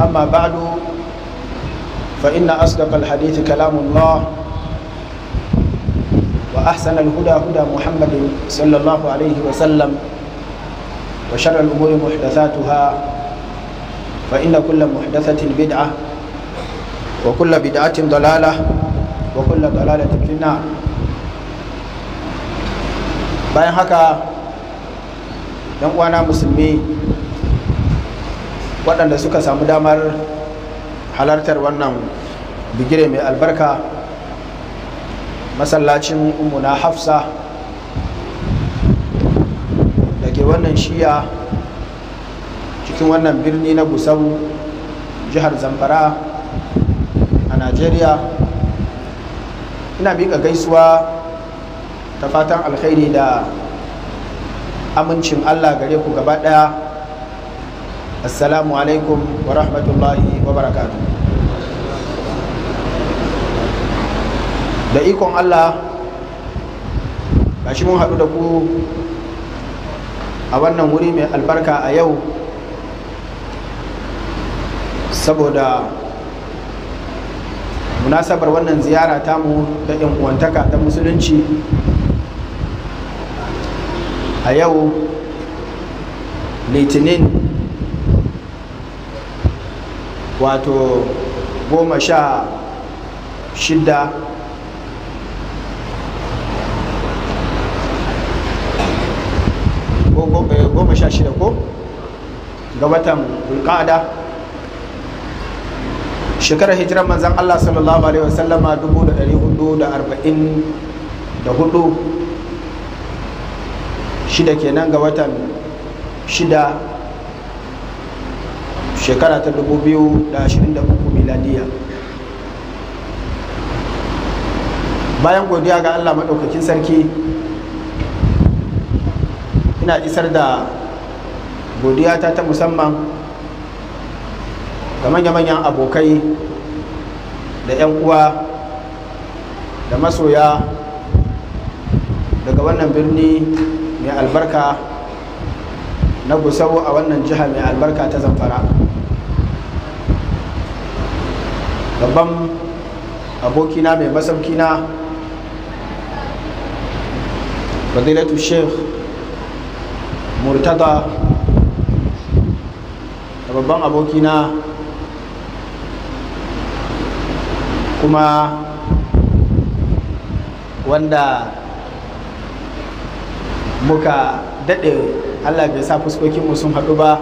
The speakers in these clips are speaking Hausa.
أما بعد فإن أصدق الحديث كلام الله وأحسن الهدى هدى محمد صلى الله عليه وسلم وشر الأمور محدثاتها فإن كل محدثة بدعة وكل بدعة ضلالة وكل ضلالة في النار bayan haka 'yan uwana musulmi waɗanda suka samu damar halartar wannan bigire mai albarka masallacin umuna hafsa da ke wannan shiya cikin wannan birni na gusau jihar zamfara a najeriya ina miƙa gaisuwa ta fatan alkhairi da amincin allah gare ku gaba ɗaya assalamu alaikum wa rahmatullahi wa barakatu da ikon allah gashi mun haɗu da ku a wannan wuri mai albarka a yau saboda munasabar wannan ziyara ta mu da ta uwantaka ta musulunci a yau litinin wato goma sha shida eh, goma sha shida ko ga watan bulkada shekarar hijirar manzan allah sallallahu alaihi wasallama hudu shida kenan ga watan shida shekara ta 2023 miladiya bayan godiya ga allah maɗaukakin sarki ina isar da godiya ta ta musamman ga manya-manyan abokai da 'yan uwa da masoya daga wannan birni mai albarka na gusau a wannan jiha mai albarka ta zamfara babban abokina mai masaukina fadilatu sheikh murtada da babban abokina kuma wanda muka daɗe allah bai sa fuskokinmu sun haɗu ba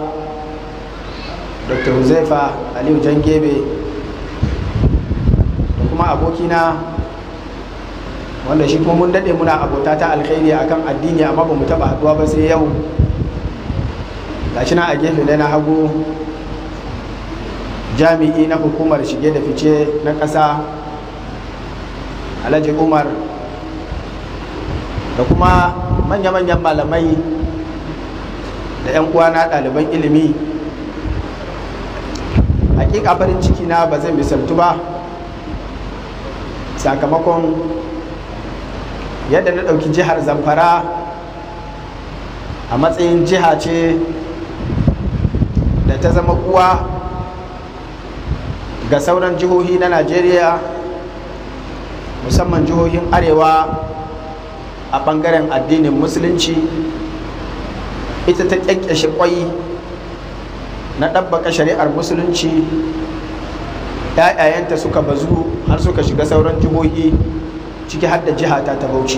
dr huzaifa aliyu jangebe kuma abokina wanda shi kuma mun daɗe muna abota ta alkhairi akan addini amma ba mu taɓa haɗuwa ba sai yau gashi na a gefe na hagu jami'i na hukumar shige da fice na ƙasa alhaji umar da kuma manya-manyan malamai da 'yan uwana ɗaliban ilimi hakika farin ciki na ba zai misaltu ba sakamakon yadda na ɗauki jihar zamfara a matsayin jiha ce da ta zama uwa ga sauran jihohi na najeriya musamman jihohin arewa a ɓangaren addinin musulunci ita ta ƙyanƙyashe ƙwai na ɗabbaka shari'ar musulunci ‘ya'yayanta suka bazu har suka shiga sauran jihohi ciki har da jiha ta ta bauchi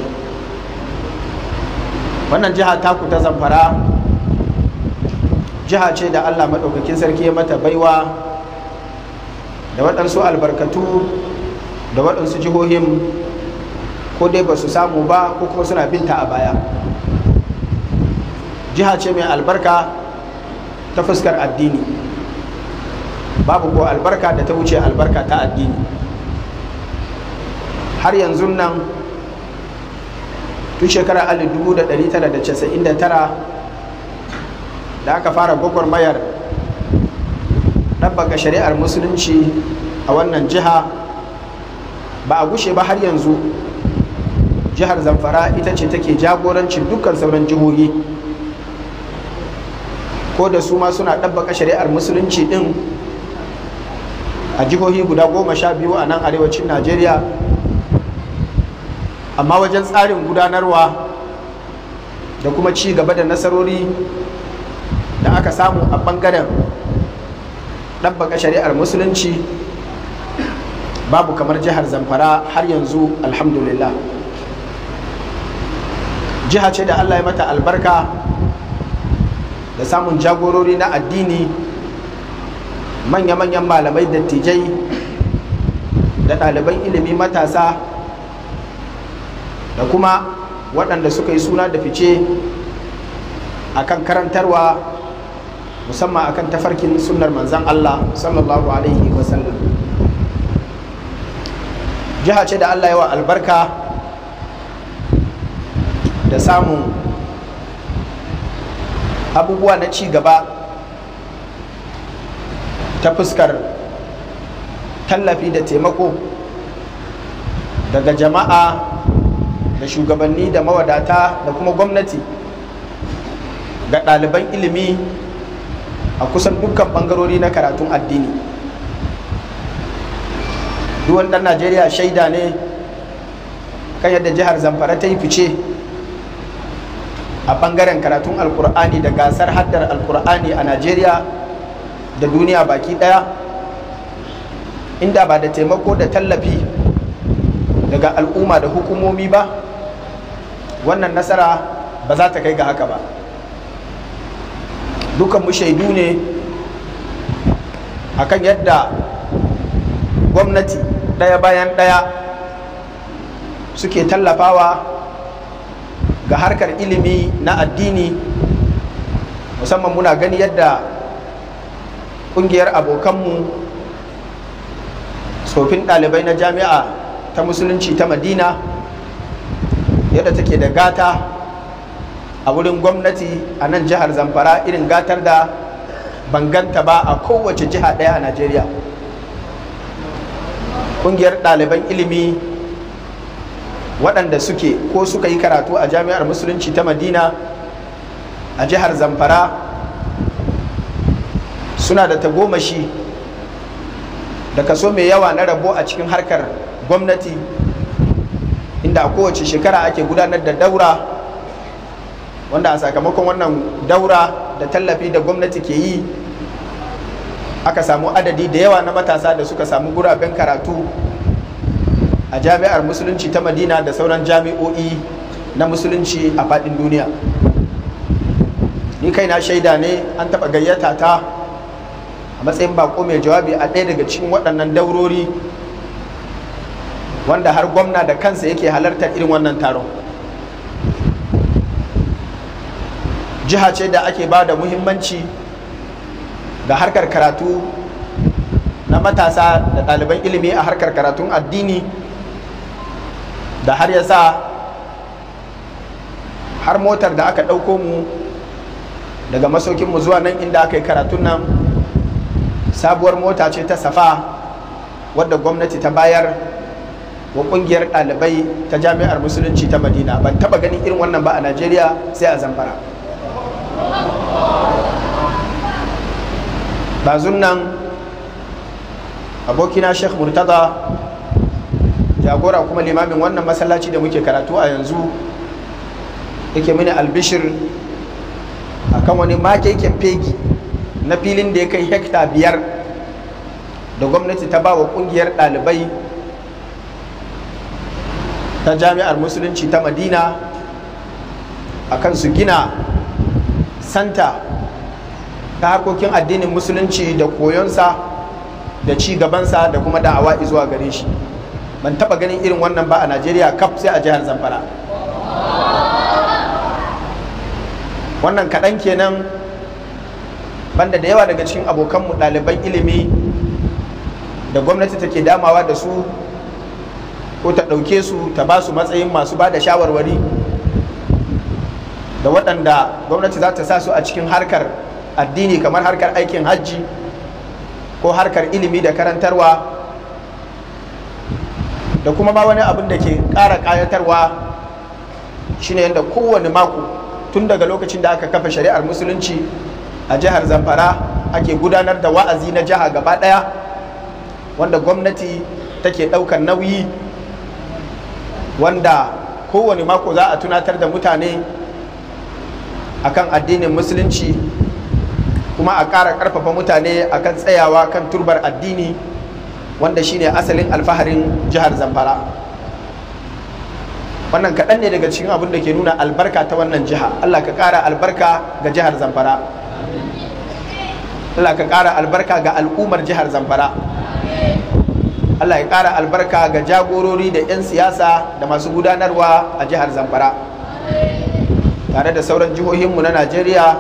wannan jiha ta ku ta zamfara jiha ce da allah maɗaukakin sarki ya mata baiwa da waɗansu albarkatu da waɗansu jihohin ko dai ba su samu ba ko kuma suna binta a baya jiha ce mai albarka ta fuskar addini babu ko albarka da ta wuce albarka ta addini har yanzu nan tun shekarar 1999 da aka fara gwagwarmayar ɗabbaga shari'ar musulunci a wannan jiha ba a gushe ba har yanzu jihar zamfara ita ce take jagorancin dukkan sauran jihohi ko da su ma suna ɗabbaka shari'ar musulunci ɗin a jihohi guda goma sha biyu a nan arewacin najeriya amma wajen tsarin gudanarwa da kuma ci gaba da nasarori da aka samu a ɓangaren ɗabbaka shari'ar musulunci babu kamar jihar zamfara har yanzu alhamdulillah jiha ce da allah ya mata albarka da samun jagorori na addini manya-manyan malamai dattijai da ɗaliban ilimi matasa da kuma waɗanda suka yi suna da fice a kan karantarwa musamman a kan tafarkin sunnar manzan Allah sallallahu alaihi wasallam jiha ce da Allah yawa albarka da samun abubuwa na ci gaba ta fuskar tallafi da taimako daga jama'a da shugabanni da mawadata da kuma gwamnati ga ɗaliban ilimi a kusan dukkan ɓangarori na karatun addini duwan ɗan najeriya shaida ne kan yadda jihar zamfara ta yi fice a ɓangaren karatun alkur'ani da gasar haddar alkur'ani a najeriya da duniya baki daya inda ba da taimako da tallafi daga al'umma da hukumomi ba wannan nasara ba za ta kai ga haka ba dukan mu shaidu ne akan yadda gwamnati ɗaya bayan ɗaya suke tallafawa ga harkar ilimi na addini musamman muna gani yadda Kungiyar abokanmu tsofin ɗalibai na jami'a ta musulunci ta madina yadda take da gata a wurin gwamnati a nan jihar zamfara irin gatar da banganta ba a kowace jiha ɗaya a najeriya ƙungiyar ɗaliban ilimi waɗanda suke ko suka yi karatu a jami'ar musulunci ta madina a jihar zamfara suna da tagomashi da kaso mai yawa na rabo a cikin harkar gwamnati inda a kowace shekara ake gudanar da daura wanda a sakamakon wannan daura da tallafi da gwamnati ke yi aka samu adadi da yawa na matasa da suka samu guraben karatu a jami'ar musulunci ta madina da sauran jami'o'i na musulunci a faɗin duniya ni kaina shaida ne an taɓa gayyata ta matsayin bako mai jawabi a ɗaya daga cikin waɗannan daurori wanda har gwamna da kansa yake halartar irin wannan taron jiha ce da ake ba da muhimmanci ga harkar karatu na matasa da ɗaliban ilimi a harkar karatun addini da har ya sa har motar da aka ɗauko mu daga masaukinmu zuwa nan inda aka yi karatun nan sabuwar mota ce ta safa wadda gwamnati ta bayar wa kungiyar ɗalibai ta jami'ar musulunci ta madina ban taba ganin irin wannan ba a najeriya sai a zamfara bazun nan abokina sheikh murtaza jagora kuma limamin wannan masallaci da muke karatu a yanzu yake mini albishir a kan wani makekin fegi na filin da ya kai hekta biyar da gwamnati ta ba wa ƙungiyar ɗalibai ta jami'ar musulunci ta madina a kan su gina santa ta harkokin addinin musulunci da koyonsa da ci gabansa da kuma da'awa zuwa gare shi ban taba ganin irin wannan ba a najeriya kaf sai a jihar zamfara wannan kaɗan kenan banda da yawa daga cikin abokanmu ɗaliban ilimi da gwamnati take damawa da su ko ta ɗauke su ta ba su matsayin masu ba da shawarwari da waɗanda gwamnati za ta sa su a cikin harkar addini kamar harkar aikin hajji ko harkar ilimi da karantarwa da kuma ma wani abin da ke ƙara ƙayatarwa shine yadda kowane mako tun daga lokacin da aka kafa shari'ar musulunci a jihar zamfara ake gudanar da wa'azi na jiha gaba ɗaya wanda gwamnati take ɗaukar nauyi wanda kowane mako za a tunatar da mutane akan addinin musulunci kuma a ƙara ƙarfafa mutane akan tsayawa kan turbar addini wanda shine asalin alfaharin jihar zamfara wannan kaɗan ne daga cikin abin da ke nuna albarka ta wannan jiha allah ka ƙara albarka ga jihar zamfara allah ka ƙara albarka ga al'ummar jihar zamfara Allah ya ƙara albarka ga jagorori da 'yan siyasa da masu gudanarwa a jihar Zamfara. Tare da sauran jihohinmu na Najeriya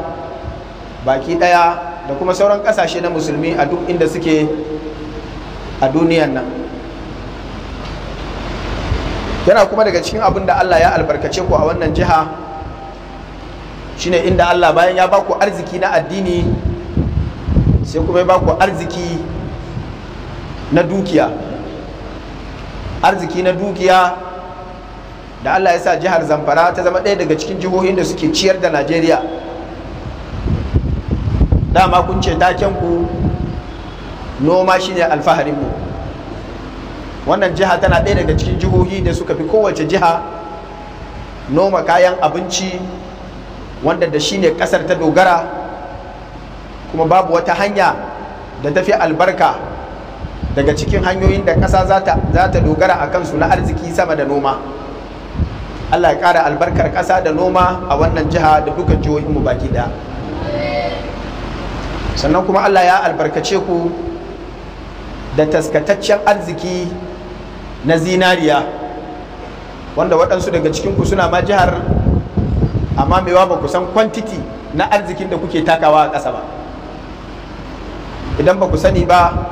baki ɗaya da kuma sauran ƙasashe na musulmi a duk inda suke a duniyan nan. Yana kuma daga cikin abin da Allah ya albarkace ku a wannan jiha shine inda Allah bayan ya baku arziki na addini sai kuma ya baku arziki na dukiya arziki na dukiya da Allah ya sa jihar Zamfara ta zama ɗaya daga cikin jihohin da suke ciyar da Najeriya dama kun ce taken ku noma shine alfaharin mu wannan jiha tana ɗaya daga cikin jihohi da suka fi kowace jiha noma kayan abinci wanda da shine kasar ta dogara kuma babu wata hanya da tafi albarka daga cikin hanyoyin da ƙasa za ta dogara a kansu na arziki sama da noma allah ya ƙara albarkar ƙasa da noma a wannan jiha da dukkan jihohinmu baki ɗaya sannan kuma allah ya albarkace ku da taskataccen arziki na zinariya wanda waɗansu daga cikinku suna ma jihar amma mewa ba ku san kwantiti na arzikin da kuke takawa a ƙasa ba idan ba ku sani ba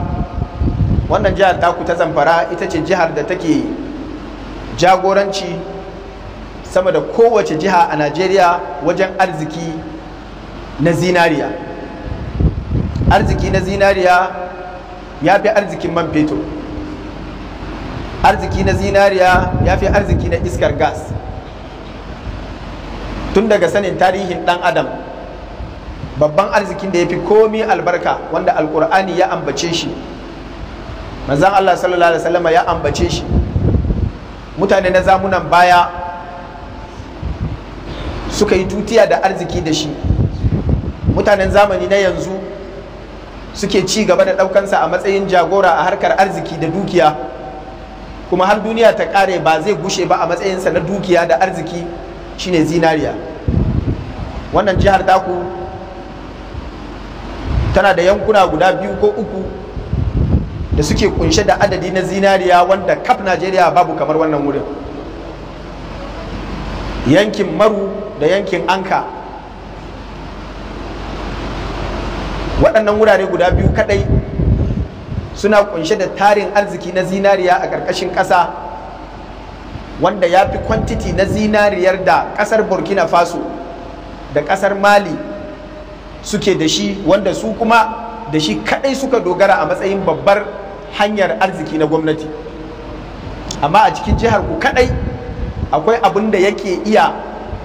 wannan jihar taku ta zamfara ita ce jihar da take jagoranci sama da kowace jiha a najeriya wajen arziki na zinariya arziki na zinariya ya fi arzikin man fetur arziki na zinariya ya fi arziki na iskar gas tun daga sanin tarihin dan adam babban arzikin da ya fi komi albarka wanda alkur'ani ya ambace shi manzan Allah sallallahu alaihi wasallama ya ambace shi mutane na zamunan baya suka yi tutiya da arziki da shi mutanen zamani na yanzu suke ci gaba da ɗaukansa a matsayin jagora a harkar arziki da dukiya kuma har duniya ta ƙare ba zai gushe ba a matsayinsa na dukiya da arziki shine zinariya wannan jihar taku tana da yankuna guda biyu ko uku da suke kunshe da adadi na zinariya wanda kaf najeriya babu kamar wannan wurin yankin maru da yankin anka waɗannan wurare guda biyu kadai suna kunshe da tarin arziki na zinariya a ƙarƙashin ƙasa wanda ya fi kwantiti na zinariyar da ƙasar burkina faso da ƙasar mali suke da shi wanda su kuma da shi kadai suka dogara a matsayin babbar hanyar arziki na gwamnati amma a cikin jihar ku kadai akwai abin da yake iya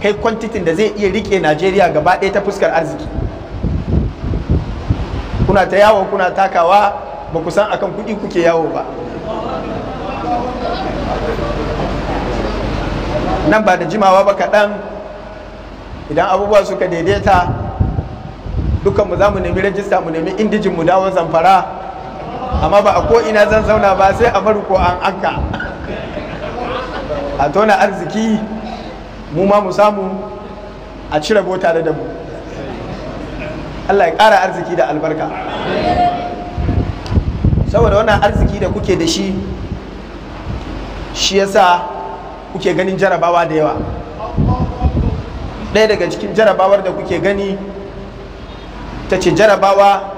kai kwantitin da zai iya rike najeriya gaba ɗaya ta fuskar arziki kuna ta yawo kuna takawa ba ku san akan kuɗi kuke yawo ba nan ba da jimawa ba kaɗan idan abubuwa suka daidaita dukkanmu za mu nemi rajista mu nemi indijin mu dawon zamfara amma ba a ko ina zan zauna ba sai a ko an akka a tona arziki mu ma mu samu a cire bota da mu Allah ya ƙara arziki da albarka saboda wannan arziki da kuke da shi shi yasa kuke ganin jarabawa da yawa ɗaya daga cikin jarabawar da kuke gani ta ce jarabawa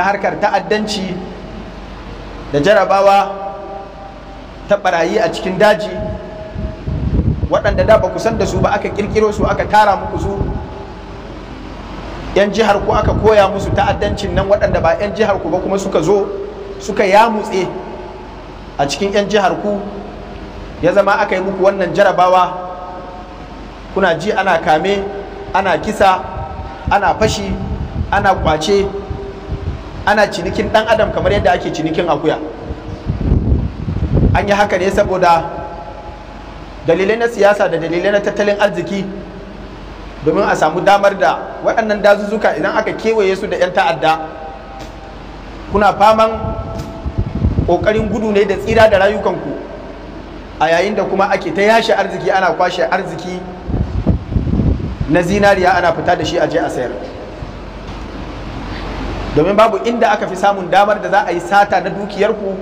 ta harkar ta'addanci da jarabawa ta barayi a cikin daji waɗanda da ba ku san da su ba aka kirkiro su aka tara muku su 'yan jihar ku aka koya musu ta'addancin nan waɗanda ba 'yan jihar ku ba kuma suka zo suka yamutse a cikin 'yan jihar ku ya zama aka yi muku wannan jarabawa kuna ji ana kame ana kisa ana fashi ana kwace ana cinikin ɗan adam kamar yadda ake cinikin akuya an yi haka ne saboda dalilai na siyasa da dalilai na tattalin arziki domin a samu damar da waɗannan dazuzzuka idan aka kewaye su da 'yan ta'adda kuna faman ƙoƙarin gudu ne da tsira da rayukanku a yayin da kuma ake ta yashe arziki ana kwashe arziki na zinariya ana fita da shi a je a sayar domin babu inda aka fi samun damar da za a yi sata na dukiyarku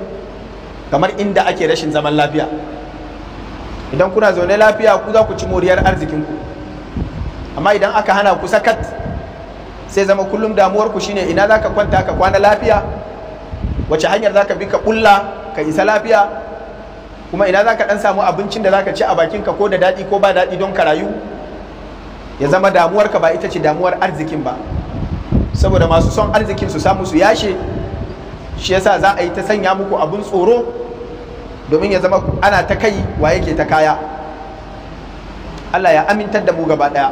kamar inda ake rashin zaman lafiya idan kuna zaune lafiya ku za ku ci moriyar arzikinku amma idan aka hana ku sakat sai zama kullum damuwarku shine ina za ka kwanta ka kwana lafiya wace hanyar za ka bi ka bulla ka isa lafiya kuma ina za ka ɗan samu abincin da za ka ci a bakinka ko da daɗi ko ba daɗi don ka rayu ya zama damuwarka ba ita ce damuwar arzikin ba saboda masu son arzikin su samu su yashe shi yasa za a yi ta sanya muku abun tsoro domin ya zama ana ta kai wa yake ta kaya Allah ya amintar da mu gaba daya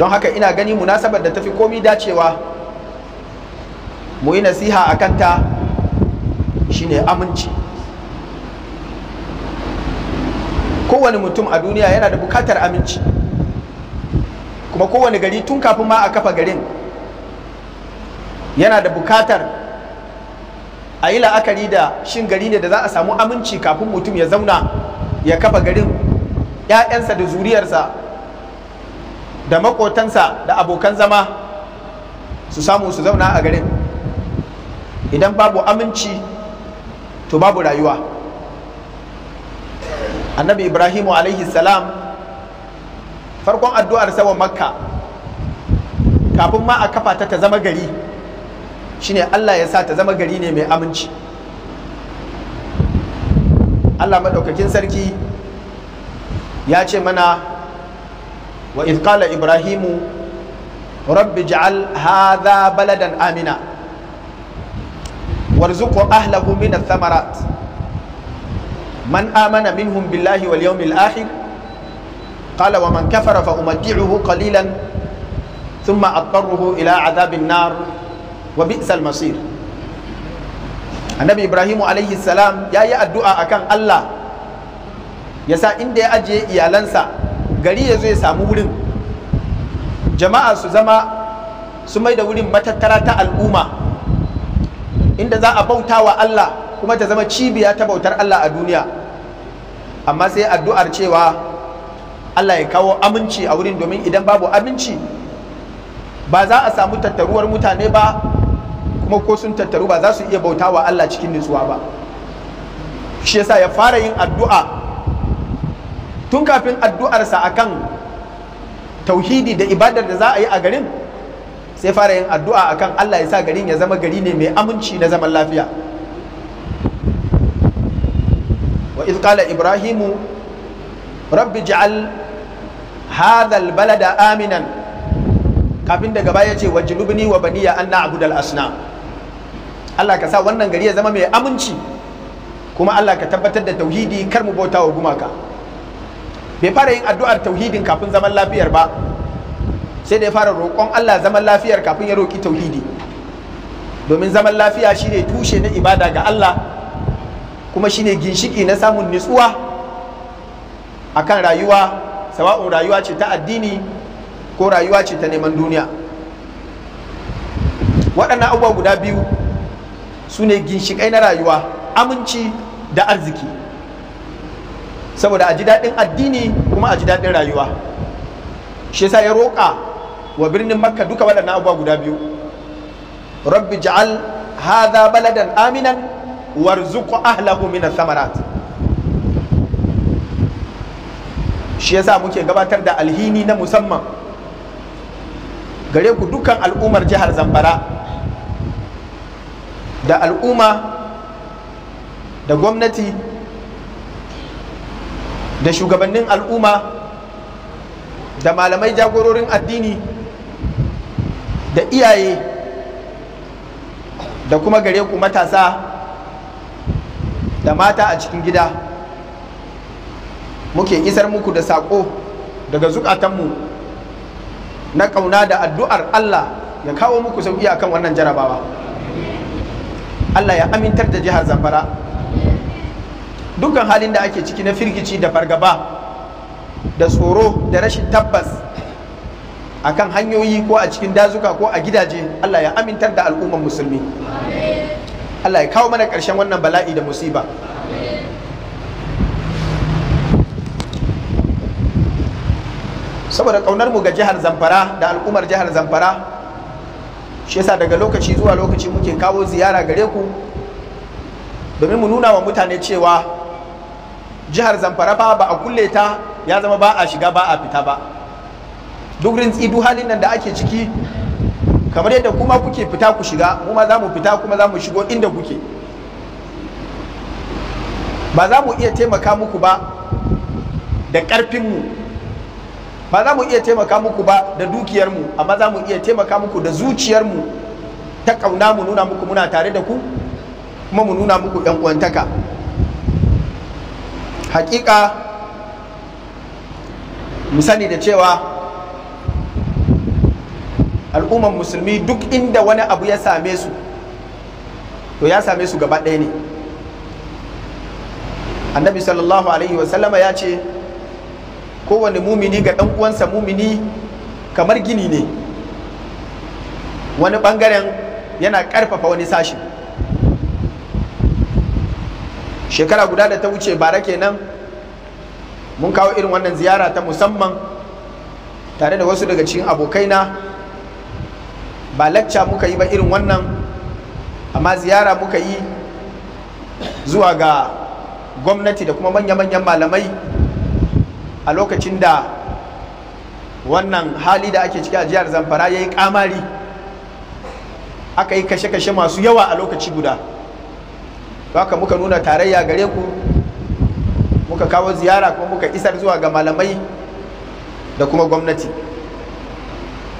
don haka ina gani munasabar da tafi komi dacewa mu yi nasiha a kanta shine aminci kowane mutum a duniya yana da bukatar aminci ma kowane gari tun kafin ma a kafa garin yana da bukatar a yi la'akari da shin gari ne da za a samu aminci kafin mutum ya zauna ya kafa garin ‘ya'yansa da zuriyarsa da makotansa da abokan zama su samu su zauna a garin idan babu aminci to babu rayuwa annabi ibrahimu alaihi salam farkon addu'ar sawan makka kafin ma a kafa ta ta zama gari shine Allah ya sa ta zama gari ne mai aminci Allah maɗaukakin sarki ya ce mana wa qala ibrahimu rabbi ja'al hadha baladan amina warzuqu ahlahu min samarat man amana minhum billahi wal yawmil akhir qala wa man kafara fa umatti'uhu qalilan thumma adtarruhu ila adhabin nar wa bi'sal masir annabi ibrahimu alaihi salam ya yi addu'a akan allah ya sa inda ya ajiye iyalansa gari ya zo ya samu wurin jama'a su zama su mai da wurin matattara ta al'umma inda za a bauta wa allah kuma ta zama cibiya ta bautar allah a duniya amma sai addu'ar cewa Allah ya kawo aminci a wurin domin idan babu aminci ba za a samu tattaruwar mutane ba kuma ko sun tattaru ba za su iya bauta wa Allah cikin nutsuwa ba shi yasa ya fara yin addu'a tun kafin addu'arsa akan tauhidi da ibadar da za a yi a garin sai fara yin addu'a akan Allah ya sa garin ya zama gari ne mai aminci na zaman lafiya wa iz qala ibrahimu rabbi ja'al hadal balada aminan kafin daga baya ce wa jilubini wa baniya an na'budal asnam Allah ka sa wannan gari ya zama mai aminci kuma Allah ka tabbatar da tauhidi kar mu bauta wa gumaka bai fara yin addu'ar tauhidin kafin zaman lafiyar ba sai da ya fara roƙon Allah zaman lafiyar kafin ya roƙi tauhidi domin zaman lafiya shine tushe na ibada ga Allah kuma shine ginshiki na samun nutsuwa akan rayuwa sawa'un rayuwa ce ta addini ko rayuwa ce ta neman duniya waɗannan abubuwa guda biyu su ne ginshiƙai na rayuwa aminci da arziki saboda a ji daɗin addini kuma a ji daɗin rayuwa shi yasa ya roƙa wa birnin makka duka waɗannan abubuwa guda biyu rabbi ja'al haza baladan aminan warzuqu ahlahu min ath samarat. shi yasa muke gabatar da alhini na musamman gare ku dukkan al'ummar jihar zamfara da al'umma da gwamnati da shugabannin al'umma da malamai jagororin addini da iyaye da kuma gare ku matasa da mata a cikin gida muke isar muku da sako daga zukatanmu na ƙauna da addu'ar Allah ya kawo muku sauƙi a kan wannan jarabawa Allah ya amintar da jihar zamfara dukkan halin da ake ciki na firgici da fargaba da tsoro da rashin tabbas a kan hanyoyi ko a cikin dazuka ko a gidaje Allah ya amintar da al'ummar musulmi Allah ya kawo mana ƙarshen wannan bala'i da musiba. saboda kaunar mu ga jihar zamfara da al'ummar jihar zamfara shi yasa daga lokaci zuwa lokaci muke kawo ziyara gare ku domin mu nuna wa mutane cewa jihar zamfara fa ba a kulle ta ya zama ba a shiga ba a fita ba duk rintsi duk halin nan da ake ciki kamar yadda kuma kuke fita ku shiga mu ma za mu fita kuma za mu shigo inda kuke ba za mu iya taimaka muku ba da ƙarfinmu ba za mu iya taimaka muku ba da dukiyarmu amma za mu iya taimaka muku da zuciyar mu ta kauna mu nuna muku muna tare da ku kuma mu nuna muku yan uwantaka hakika mu sani da cewa al'umman musulmi duk inda wani abu ya same su to ya same su gaba ɗaya ne annabi sallallahu alaihi wasallama ya ce kowane mumini ga ɗan uwansa mumini kamar gini ne wani ɓangaren yana karfafa wani sashi shekara guda da ta wuce bara kenan mun kawo irin wannan ziyara ta musamman tare da wasu daga cikin abokaina ba lacca muka yi ba irin wannan amma ziyara muka yi zuwa ga gwamnati da kuma manya-manyan malamai a lokacin da wannan hali da ake ciki a jihar zamfara ya yi kamari aka yi kashe-kashe masu yawa a lokaci guda ka muka nuna tarayya gare ku muka kawo ziyara kuma muka isar zuwa ga malamai da kuma gwamnati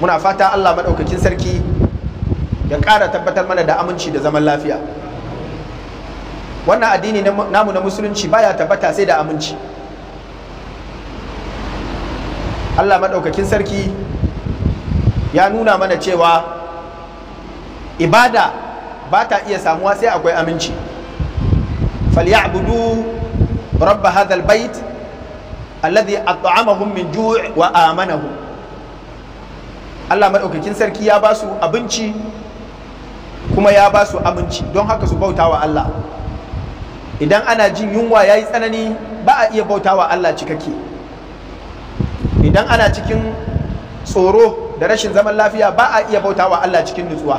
muna fata allah maɗaukakin sarki ya ƙara tabbatar mana da aminci da zaman lafiya wannan addini namu na musulunci baya tabbata sai da aminci Allah maɗaukakin sarki ya nuna mana cewa ibada ba ta iya samuwa sai akwai aminci falyabudu rabba hadha bait alladhi at'amahum min ju' wa amanahu. Allah maɗaukakin sarki ya ba su abinci kuma ya ba su aminci don haka su bauta wa Allah idan ana jin yunwa ya yi tsanani ba a iya bauta wa Allah cikakke idan ana cikin tsoro da rashin zaman lafiya ba a iya bautawa Allah cikin nutsuwa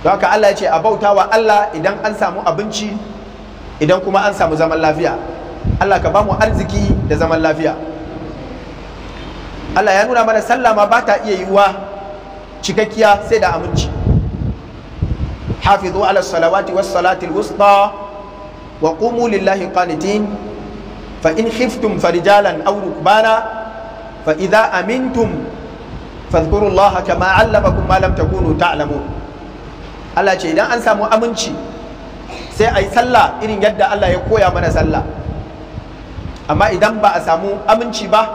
don haka Allah ya ce a bautawa Allah idan an samu abinci idan kuma an samu zaman lafiya Allah ka ba mu arziki da zaman lafiya Allah ya nuna mana sallama ba ta iya yiwuwa cikakkiya sai da aminci hafizu ala salawati was salatil wusta wa qumu lillahi qanitin fa in khiftum farijalan aw rukbana fa idza amintum fadhkurullaha kama allamakum ma ta takunu ta'lamun Allah ce idan an samu aminci sai ayi sallah irin yadda Allah ya koya mana sallah amma idan ba a samu aminci ba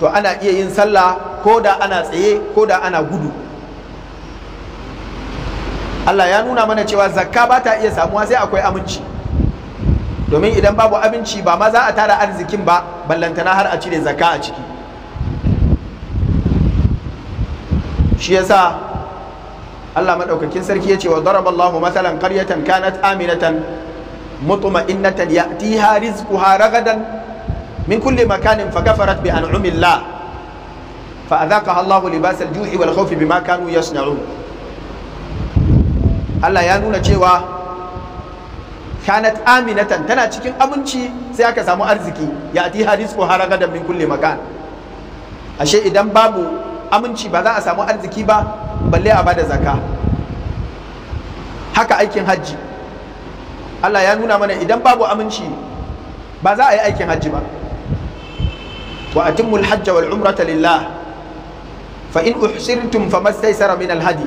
to ana iya yin sallah ko da ana tsaye ko da ana gudu Allah ya nuna mana cewa zakka ba ta iya samuwa sai akwai aminci domin idan babu aminci ba ma za a tara arzikin ba ballantana har a cire zakka a ciki shi yasa Allah madaukakin sarki yace wa daraballahu mathalan qaryatan kanat aminatan mutma'innatan ya'tiha rizquha ragadan min kulli makanin fakafarat bi an'amillah fa adhaqaha Allahu libas al-ju'i wal khawfi bima kanu yasna'un Allah ya nuna cewa kanat aminatan tana cikin abinci sai aka samu arziki ya'tiha rizquha ragadan min kulli makan ashe idan babu aminci ba za a samu arziki ba balle a bada zaka haka aikin hajji Allah ya nuna mana idan babu aminci ba za a yi aikin hajji ba wa atimmu alhajj wal umrata lillah fa in uhsirtum famastaysara min alhadi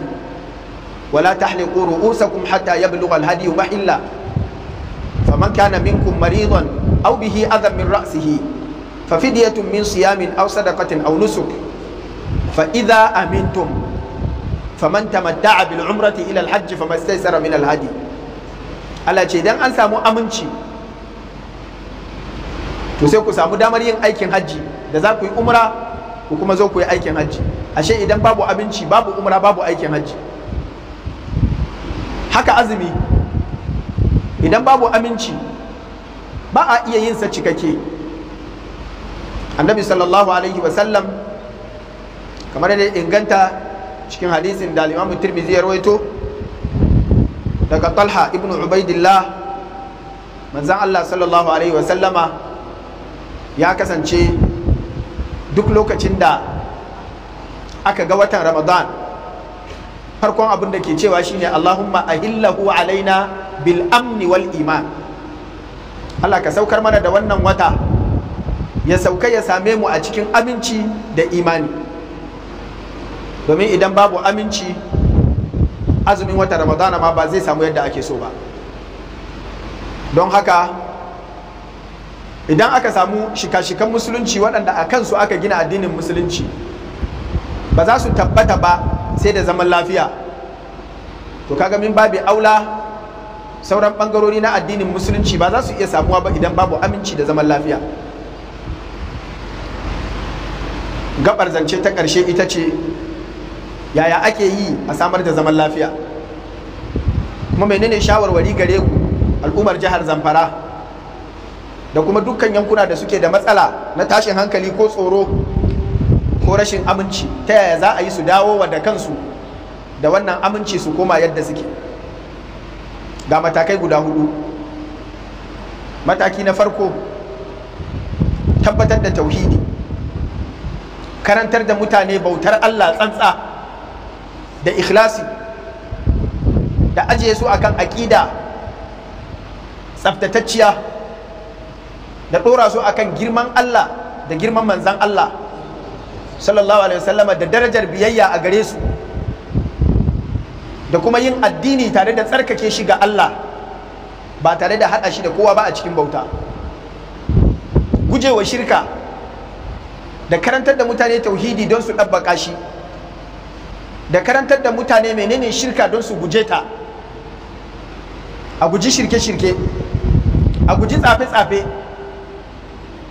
ولا تحلقوا رؤوسكم حتى يبلغ الهدي محله فمن كان منكم مريضا أو به أذى من رأسه ففدية من صيام أو صدقة أو نسك fa idza amintum faman tamatta'a bil umrati ila al hajj famastaysara min al hadi ce idan an samu aminci to sai ku samu damar yin aikin hajji da za ku yi umra ku kuma zo ku yi aikin hajji ashe idan babu abinci babu umra babu aikin hajji haka azumi idan babu aminci ba a iya yin sa cikakke annabi sallallahu alaihi wasallam kamar yadda inganta cikin hadisin da al-imam ya rawaito daga talha ibn ubaidillah manzan allah sallallahu alaihi wasallama ya kasance duk lokacin da aka ga watan ramadan farkon abin da ke cewa shine allahumma ahillahu alaina bil amni wal iman allah ka saukar mana da wannan wata ya sauka ya same mu a cikin aminci da imani domin idan babu aminci azumin wata ramadana ma ba zai samu yadda ake so ba don haka idan aka samu shika-shikan musulunci waɗanda a kansu aka gina addinin musulunci ba za su tabbata ba sai da zaman lafiya to kaga min babu aula sauran ɓangarori na addinin musulunci ba za su iya samuwa ba idan babu aminci da zaman lafiya gabar zance ta ƙarshe ita ce yaya ake yi a samar da zaman lafiya kuma menene shawarwari gare ku al'ummar jihar zamfara da kuma dukkan yankuna da suke da matsala na tashin hankali ko tsoro ko rashin aminci ta yaya za a yi su dawo wa da kansu da wannan aminci su koma yadda suke ga matakai guda hudu mataki na farko tabbatar da tauhidi karantar da mutane bautar Allah tsantsa da ikhlasi da ajiye su akan aƙida tsaftatacciya da ɗora su akan girman Allah da girman manzan Allah sallallahu alaihi da darajar biyayya a gare su da kuma yin addini tare da tsarkake shi ga Allah ba tare da haɗa shi da kowa ba a cikin bauta gujewa shirka da karantar da mutane tauhidi don su ɗabbaka shi da karantar da mutane menene shirka don su guje ta a guji shirke-shirke a guji tsafe-tsafe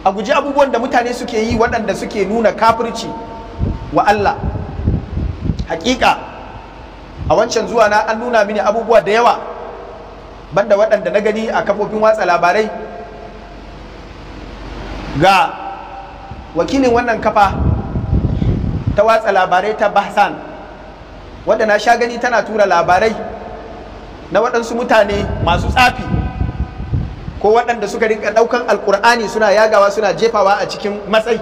a guji abubuwan da mutane suke yi waɗanda suke nuna kafirci wa Allah hakika a wancan zuwa na an nuna mini abubuwa da yawa banda waɗanda na gani a kafofin watsa labarai ga wakilin wannan kafa ta watsa labarai ta bahsan wadda na sha gani tana tura labarai na waɗansu mutane masu tsafi ko waɗanda suka rinka ɗaukan alkur'ani suna yagawa suna jefawa a cikin matsayi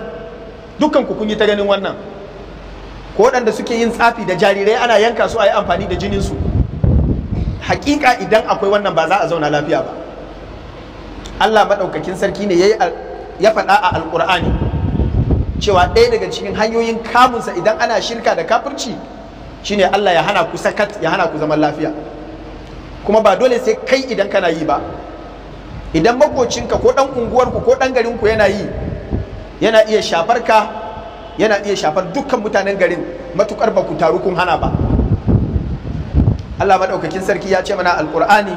dukkan ku kun yi ta ganin wannan ko waɗanda suke yin tsafi da jarirai ana yanka su a yi amfani da jininsu hakika idan akwai wannan ba za a zauna lafiya ba allah maɗaukakin sarki ne ya faɗa a alkur'ani cewa ɗaya daga cikin hanyoyin kamunsa idan ana shirka da kafirci shine Allah ya hana ku sakat ya hana ku zaman lafiya kuma ba dole sai kai idan kana yi ba idan makocinka ko ɗan unguwarku ko dan garinku yana yi yana iya shafar ka yana iya shafar dukkan mutanen garin matukar ba ku taru kun hana ba Allah madaukakin sarki ya ce mana alqur'ani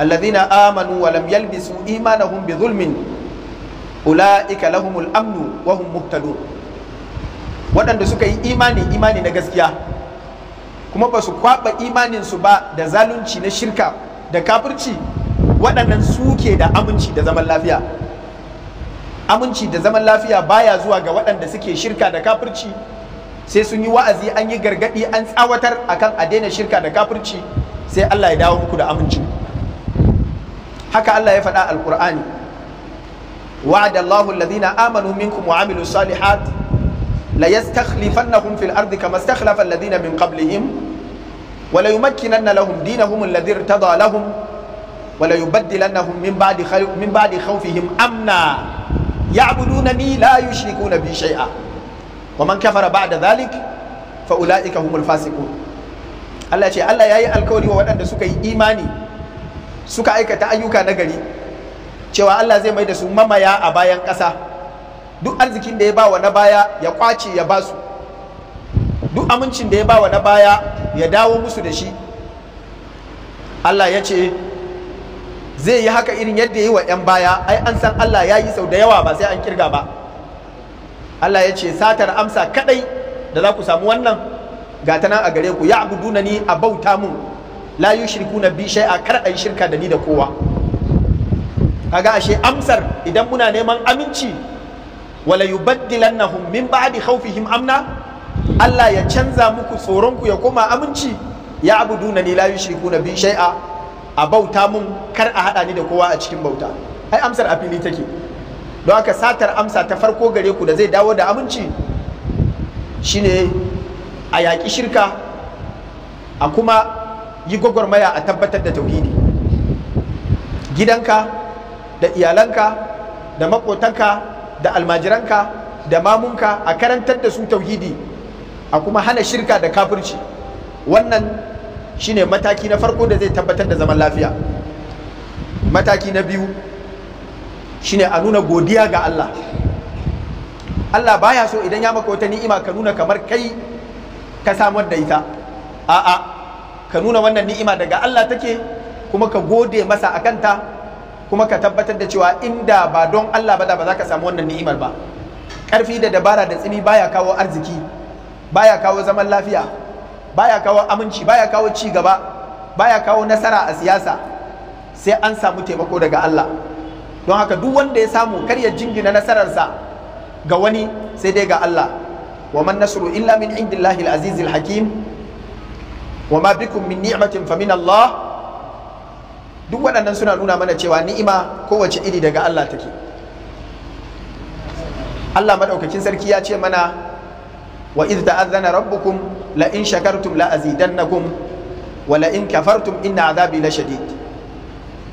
alladhina amanu wa lam yalbisu imanahum bi zulmin ulaika lahumul amnu wa hum muhtadun waɗanda suka yi imani imani na gaskiya kuma ba su kwaɓa imaninsu ba da zalunci na shirka da kafirci waɗannan suke da aminci da zaman lafiya aminci da zaman lafiya baya zuwa ga waɗanda suke shirka da kafirci sai sun yi wa'azi an yi gargaɗi an tsawatar akan a daina shirka da kafirci sai Allah ya dawo muku da aminci haka Allah ya faɗa alƙur'ani wa'adallahu alladhina amanu minkum wa amilus salihat la yastakhlifannahum fil ardi kama istakhlafa alladhina min qablihim wa la yumakkinanna lahum dinahum alladhi irtada lahum wa la yubaddilannahum min ba'di min ba'di khawfihim amna ya'budunani la yushrikuna bi shay'a wa man kafara ba'da zalik, fa ulaika humul fasiqun Allah ce Allah yayi alkawari wa waɗanda suka yi imani suka aikata ayyuka na gari cewa Allah zai mai da su mamaya a bayan ƙasa duk arzikin da ya bawa na baya ya kwace ya basu duk amincin da ya bawa na baya ya dawo musu da shi Allah ya ce zai yi haka irin yadda yi wa 'yan baya ai an san Allah ya yi sau da yawa ba sai an kirga ba Allah ya ce satar amsa kadai da za ku samu wannan gata nan a gare ku ya abuduna ni a bauta mun la shirku na bi shai kar ai shirka da ni da kowa kaga ashe amsar idan muna neman aminci wala yubaddilannahum min ba'di khawfihim amna Allah ya canza muku tsoronku ya koma aminci ya abuduna ni la yushrikuna bi shai'a. a bauta mun kar a hada ni da kowa a cikin bauta ai amsar a fili take don haka satar amsa ta farko gare ku da zai dawo da aminci shine a yaƙi shirka a kuma yi gwagwarmaya a tabbatar da tauhidi gidanka da iyalanka da maƙotanka da almajiranka da mamunka a karantar da su tauhidi a kuma hana shirka da kafirci wannan shine mataki na farko da zai tabbatar da zaman lafiya mataki na biyu shine a nuna godiya ga Allah Allah baya so idan ya maka wata ni'ima ka nuna kamar kai ka samar da ita a'a ka nuna wannan ni'ima daga Allah take kuma ka gode masa akan ta kuma ka tabbatar da cewa inda ba don Allah ba ba za ka samu wannan ni'imar ba ƙarfi da dabara da tsini baya kawo arziki baya kawo zaman lafiya baya kawo aminci baya kawo ci gaba baya kawo nasara a siyasa sai an samu taimako daga Allah don haka duk wanda ya samu kar ya jingina nasararsa ga wani sai dai ga Allah wa man nasru illa min indillahi al-azizil hakim wa ma bikum min ni'matin fa min Allah duk waɗannan suna nuna mana cewa ni'ima kowace iri daga Allah take Allah madaukakin sarki ya ce mana wa iz ta'azzana rabbukum la in shakartum la azidannakum wa la in kafartum inna azabi la shadid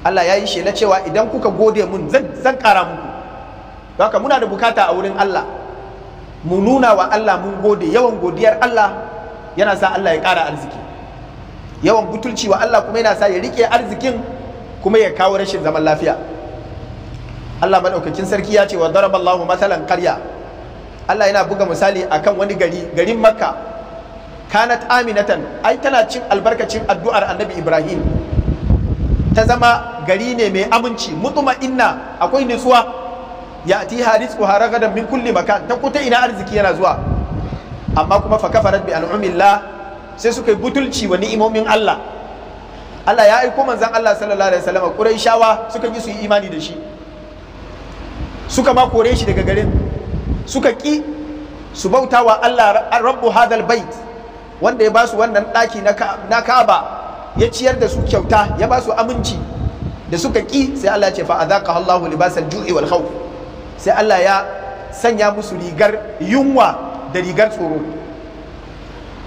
Allah ya yi shela cewa idan kuka gode mun zan kara muku haka muna da bukata a wurin Allah mu nuna wa Allah mun gode yawan godiyar Allah yana sa Allah ya ƙara arziki yawan butulci wa Allah kuma yana sa ya rike arzikin kuma ya kawo rashin zaman lafiya Allah maɗaukacin sarki ya ce wa daraballahu mathalan karya. Allah yana buga misali akan wani gari garin Makka kanat aminatan ai tana cin albarkacin addu'ar Annabi Ibrahim ta zama gari ne mai aminci mutuma inna akwai nutsuwa ya ati haris ku haragadan min kulli makan ta kuta ina arziki yana zuwa amma kuma fa kafarat bi al'umillah sai suka yi butulci wa ni'imomin Allah Allah ya aiko manzan Allah sallallahu alaihi wasallam Qurayshawa suka ki su yi imani da shi suka ma kore shi daga garin suka ki su bauta wa Allah rabbu hadal bait wanda ya ba su wannan ɗaki na Ka'aba ya ciyar da su kyauta ya ba su aminci da suka ki sai Allah ya ce fa adhaqa Allahu libasal ju'i wal khawf sai Allah ya sanya musu rigar yunwa da rigar tsoro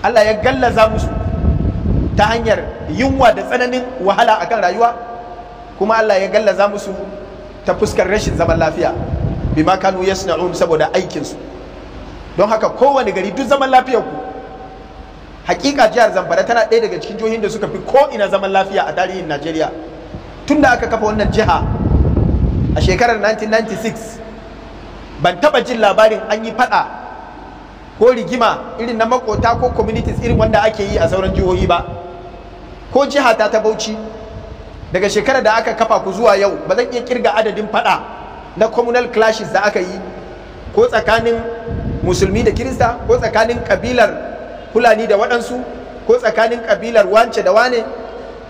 Allah ya gallaza musu ta hanyar yunwa da tsananin wahala akan rayuwa kuma Allah ya gallaza musu ta fuskar rashin zaman lafiya ma kanu yasna'un saboda aikinsu don haka kowane gari duk zaman lafiyar ku hakika jihar Zamfara tana ɗaya daga cikin jihohin da suka fi ko ina zaman lafiya a tarihin Najeriya da aka kafa wannan jiha a shekarar 1996 ban taba jin labarin an yi fada ko rigima irin na makota ko communities irin wanda ake yi a sauran jihohi ba ko jiha ta ta bauchi daga shekarar da aka kafa ku zuwa yau ba zan iya kirga adadin fada na communal clashes da aka yi ko tsakanin musulmi da kirista ko tsakanin kabilar fulani da waɗansu ko tsakanin kabilar wance da wane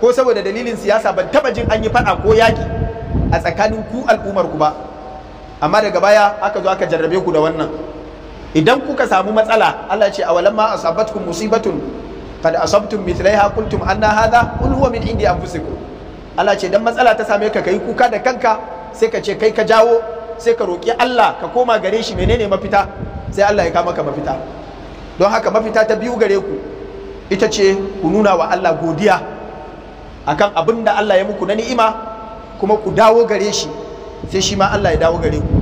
ko saboda dalilin siyasa ban taba jin an yi fada ko yaƙi a tsakanin ku al'ummar ku ba amma daga baya aka zo aka jarrabe ku da wannan idan kuka samu matsala Allah ce awalamma asabatkum musibatun kad asabtum mithlaiha qultum anna hadha qul huwa min indi anfusikum Allah ce dan matsala ta same ka kai kuka da kanka sai ka ce kai ka jawo sai ka roki Allah ka koma gare shi menene mafita sai Allah ya kama ka mafita don haka mafita ta biyu gare ku ita ce ku nuna wa Allah godiya akan abin da Allah ya muku na ni'ima kuma ku dawo gare shi sai shi ma Allah ya dawo gare ku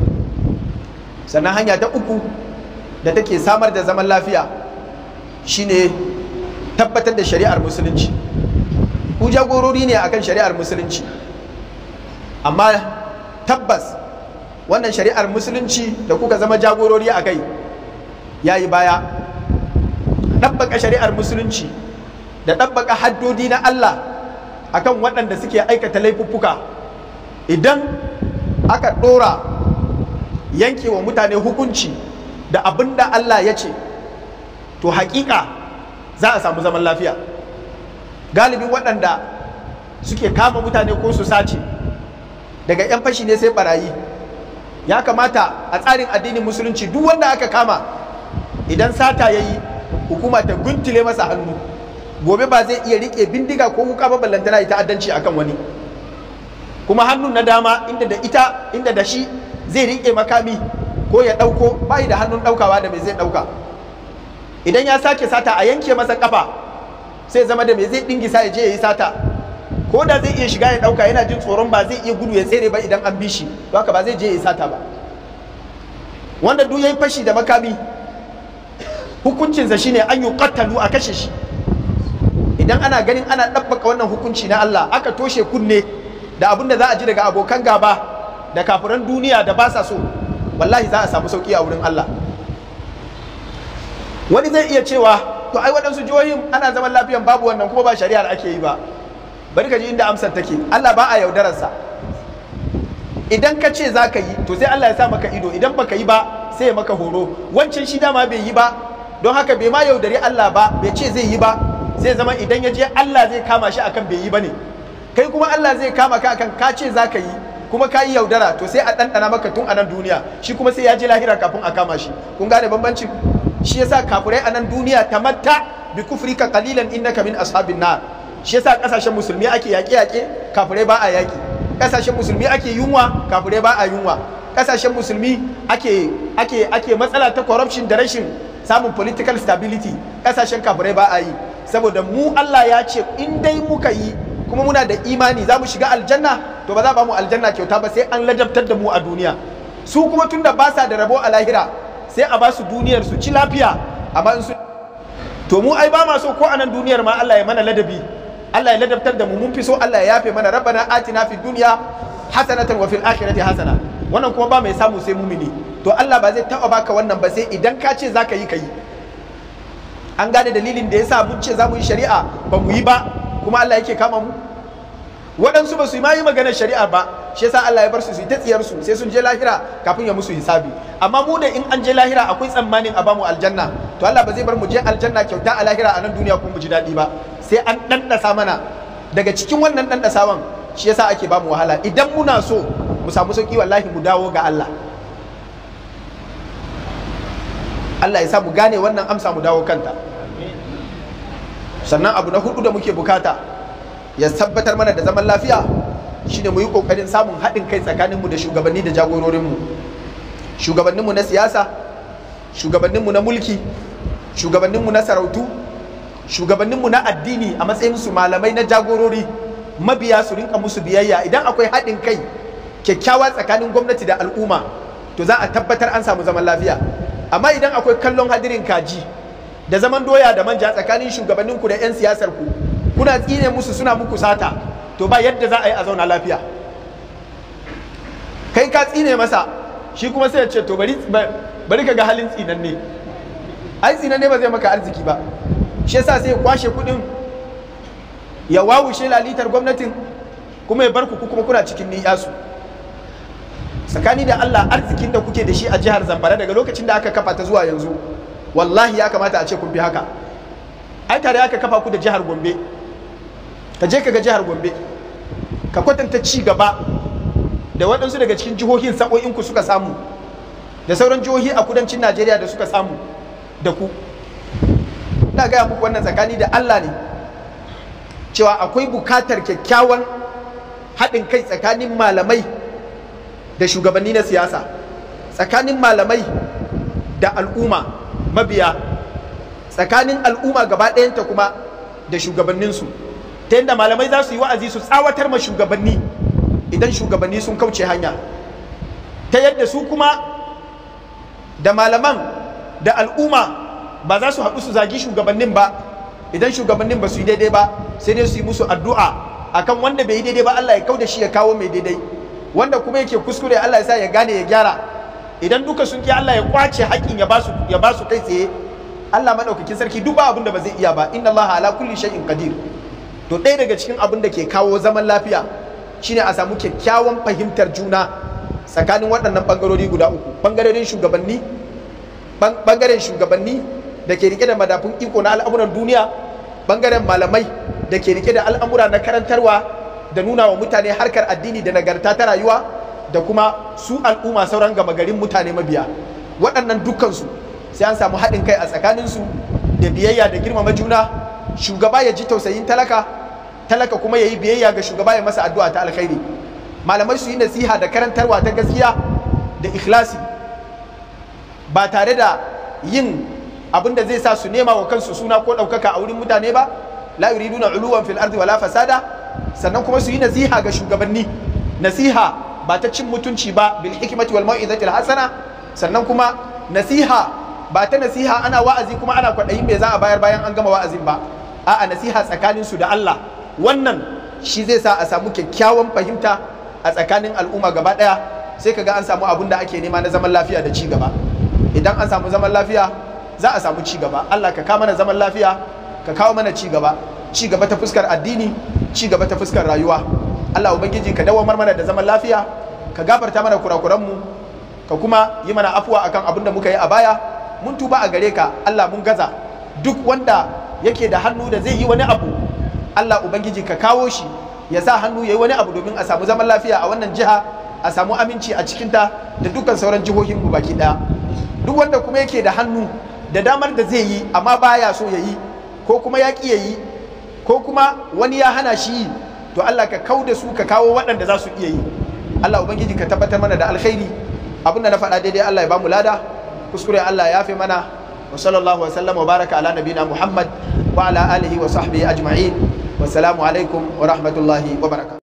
sannan hanya ta uku da take samar da zaman lafiya shine tabbatar da shari'ar musulunci ku jagorori ne akan shari'ar musulunci amma tabbas wannan shari'ar musulunci da kuka zama jagorori a kai ya yi baya ɗabbaka shari'ar musulunci da ɗabbaka haddodi na Allah akan waɗanda suke aikata laifuffuka idan aka ɗora yanke wa mutane hukunci da abin da Allah ya ce to haƙiƙa za a samu zaman lafiya galibin waɗanda suke kama mutane ko su sace daga 'yan fashi ne sai barayi ya kamata a tsarin addinin musulunci duk wanda aka kama idan sata ya yi hukuma ta guntule masa hannu gobe ba zai iya riƙe bindiga ko wuka ba ballantana ita addanci akan wani kuma hannun na dama inda da ita inda da shi zai riƙe makami ko ya ɗauko bai da hannun ɗaukawa da mai zai ɗauka idan ya sake sata a yanke masa kafa sai zama da mai zai dingisa ya je ya yi sata ko da zai iya shiga ya dauka yana jin tsoron ba zai iya gudu ya tsere ba idan an bi shi haka ba zai je ya yi sata ba wanda duk yayi fashi da makami hukuncinsa shine an yi kattalu a kashe shi idan ana ganin ana ɗabbaka wannan hukunci na Allah aka toshe kunne da abin da za a ji daga abokan gaba da kafiran duniya da ba sa so wallahi za a samu sauki a wurin Allah wani zai iya cewa to ai waɗansu jihohin ana zaman lafiyan babu wannan kuma ba shari'ar ake yi ba bari ka ji inda amsar take Allah ba a yaudararsa idan ka ce za ka yi to sai Allah ya sa maka ido idan baka yi ba sai ya maka horo wancan shi dama bai yi ba don haka bai ma yaudari Allah ba bai ce zai yi ba sai zama idan ya je Allah zai kama shi akan bai yi ba ne kai kuma Allah zai kama ka akan ka ce za ka yi kuma ka yi yaudara to sai a ɗanɗana maka tun a nan duniya shi kuma sai ya je lahira kafin a kama shi kun gane bambancin shi yasa kafirai a nan duniya ta tamatta bi kufrika qalilan innaka min ashabin nar shi yasa kasashen musulmi ake yaƙe yaƙe kafirai ba a yaƙi kasashen musulmi ake yunwa kafirai ba a yunwa kasashen musulmi ake ake matsala ta corruption da rashin samun political stability kasashen kafirai ba a yi saboda mu Allah ya ce in dai muka yi kuma muna da imani za mu shiga aljanna to ba za ba mu aljanna kyauta ba sai an ladabtar da mu a duniya su kuma tunda ba sa da rabo a lahira sai a ba su duniyar su ci lafiya amma in su to mu ai ba ma so ko a nan duniyar ma Allah ya mana ladabi Allah ya ladabtar da mu mun fi so Allah ya yafe mana rabbana atina fi dunya hasanatan wa fil akhirati hasana wannan kuma ba mai samu sai mumini to Allah ba zai taba baka wannan ba sai idan ka ce zaka yi kai an gane dalilin da yasa mun ce za mu yi shari'a ba mu yi ba kuma Allah yake kama mu waɗansu ba su yi ma maganar shari'a ba shi yasa Allah ya bar su su yi ta tsiyar su sai sun je lahira kafin ya musu hisabi amma mu da in an je lahira akwai tsammanin a bamu aljanna to Allah ba zai bar mu je aljanna kyauta a lahira a nan duniya kuma mu ji daɗi ba sai an ɗanɗasa mana daga cikin wannan ɗanɗasawan shi yasa ake bamu wahala idan muna so mu samu sauki wallahi mu dawo ga Allah Allah ya sa mu gane wannan amsa mu dawo kanta sannan abu na hudu da muke bukata ya tabbatar mana da zaman lafiya shine mu yi kokarin samun haɗin kai tsakaninmu da shugabanni da jagororinmu shugabanninmu na siyasa shugabanninmu na mulki shugabanninmu na sarautu shugabanninmu na addini a matsayin su malamai na jagorori mabiya su rinka musu biyayya idan akwai haɗin kai kyakkyawa tsakanin gwamnati da al'umma to za a tabbatar an samu zaman lafiya amma idan akwai kallon hadirin kaji da zaman doya da manja tsakanin shugabanninku da 'yan siyasar ku kuna tsine musu suna muku sata to ba yadda za a yi a zauna lafiya kai ka tsine masa shi kuma sai ya ce to bari ka ga halin tsinanne ai ne ba zai maka arziki ba shi yasa sai ya kwashe kuɗin ya wawushe lalitar gwamnatin kuma ya bar ku kuma kuna cikin niyasu tsakani da Allah arzikin da kuke da shi a jihar Zamfara daga lokacin da aka kafa ta zuwa yanzu wallahi ya kamata a ce kun bi haka ai tare aka kafa ku da jihar Gombe ka je ka ga jihar gombe ka kwatanta ci gaba da waɗansu daga cikin jihohin ku suka samu da sauran jihohi a kudancin najeriya da suka samu da ku ina gaya muku wannan tsakani da allah ne cewa akwai bukatar kyakkyawan haɗin kai tsakanin malamai da shugabanni na siyasa tsakanin malamai da al'umma mabiya tsakanin al'umma gaba ɗayanta kuma da shugabanninsu ta yadda malamai za su yi wa'azi su tsawatar ma shugabanni idan shugabanni sun kauce hanya ta yadda su kuma da malaman da al'umma ba za su haɗu su zagi shugabannin ba idan shugabannin ba su yi daidai ba sai dai su yi musu addu'a akan wanda bai yi daidai ba Allah ya kau da shi ya kawo mai daidai wanda kuma yake kuskure Allah ya sa ya gane ya gyara idan duka sun ki Allah ya kwace haƙƙin ya ba su kai tsaye Allah maɗaukakin sarki duk ba abin ba zai iya ba inna Allah ala kulli shay'in qadir to ɗaya daga cikin abin da ke kawo zaman lafiya shine a samu kyakkyawan fahimtar juna tsakanin waɗannan ɓangarori guda uku ɓangarorin shugabanni ɓangaren shugabanni da ke rike da madafun iko na al'amuran duniya ɓangaren malamai da ke rike da al'amura na karantarwa da nuna wa mutane harkar addini da nagarta ta rayuwa da kuma su al'umma sauran gama garin mutane mabiya waɗannan dukkansu sai an samu haɗin kai a tsakaninsu da biyayya da girmama juna shugaba ya ji tausayin talaka talaka kuma ya yi biyayya ga shugaba ya masa addu'a ta alkhairi malamai su yi nasiha da karantarwa ta gaskiya da ikhlasi ba tare da yin abin da zai sa su nema wa kansu suna ko ɗaukaka a wurin mutane ba la yuriduna uluwan fil ardi wala fasada sannan kuma su yi nasiha ga shugabanni nasiha ba ta cin mutunci ba bil hikmati wal mau'izati al hasana sannan kuma nasiha ba ta nasiha ana wa'azi kuma ana kwaɗayin me za a bayar bayan an gama wa'azin ba a'a nasiha tsakanin su da Allah wannan shi zai sa a samu kyakkyawan fahimta a tsakanin al'umma gaba daya sai kaga an samu abun da ake nema na zaman lafiya da ci gaba idan an samu zaman lafiya za a samu ci gaba Allah ka kawo mana zaman lafiya ka kawo mana ci gaba ci gaba ta fuskar addini ci gaba ta fuskar rayuwa Allah ubangiji ka dawo mana da zaman lafiya ka gafarta mana kurakuran mu ka kuma yi mana afuwa akan abin da muka yi a baya mun tuba a gare ka Allah mun gaza duk wanda yake da hannu da zai yi wani abu Allah ubangiji ka kawo shi ya sa hannu ya yi wani abu domin a samu zaman lafiya a wannan jiha a samu aminci a cikinta da dukkan sauran jihohin mu baki daya duk wanda kuma yake da hannu da damar da zai yi amma baya so ya yi ko kuma ya ƙi ya yi ko kuma wani ya hana shi yi to Allah ka kau da su ka kawo waɗanda za su iya yi Allah ubangiji ka tabbatar mana da alkhairi abin da na faɗa daidai Allah ya bamu lada kuskure Allah ya fi mana wa wa sallam wa baraka ala nabina muhammad wa ala alihi wa sahbihi ajma'in wassalamu alaikum wa rahmatullahi wa baraka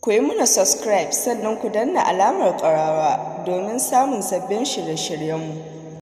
ku muna subscribe sannan ku danna alamar ƙarawa domin samun sabbin shirye-shiryenmu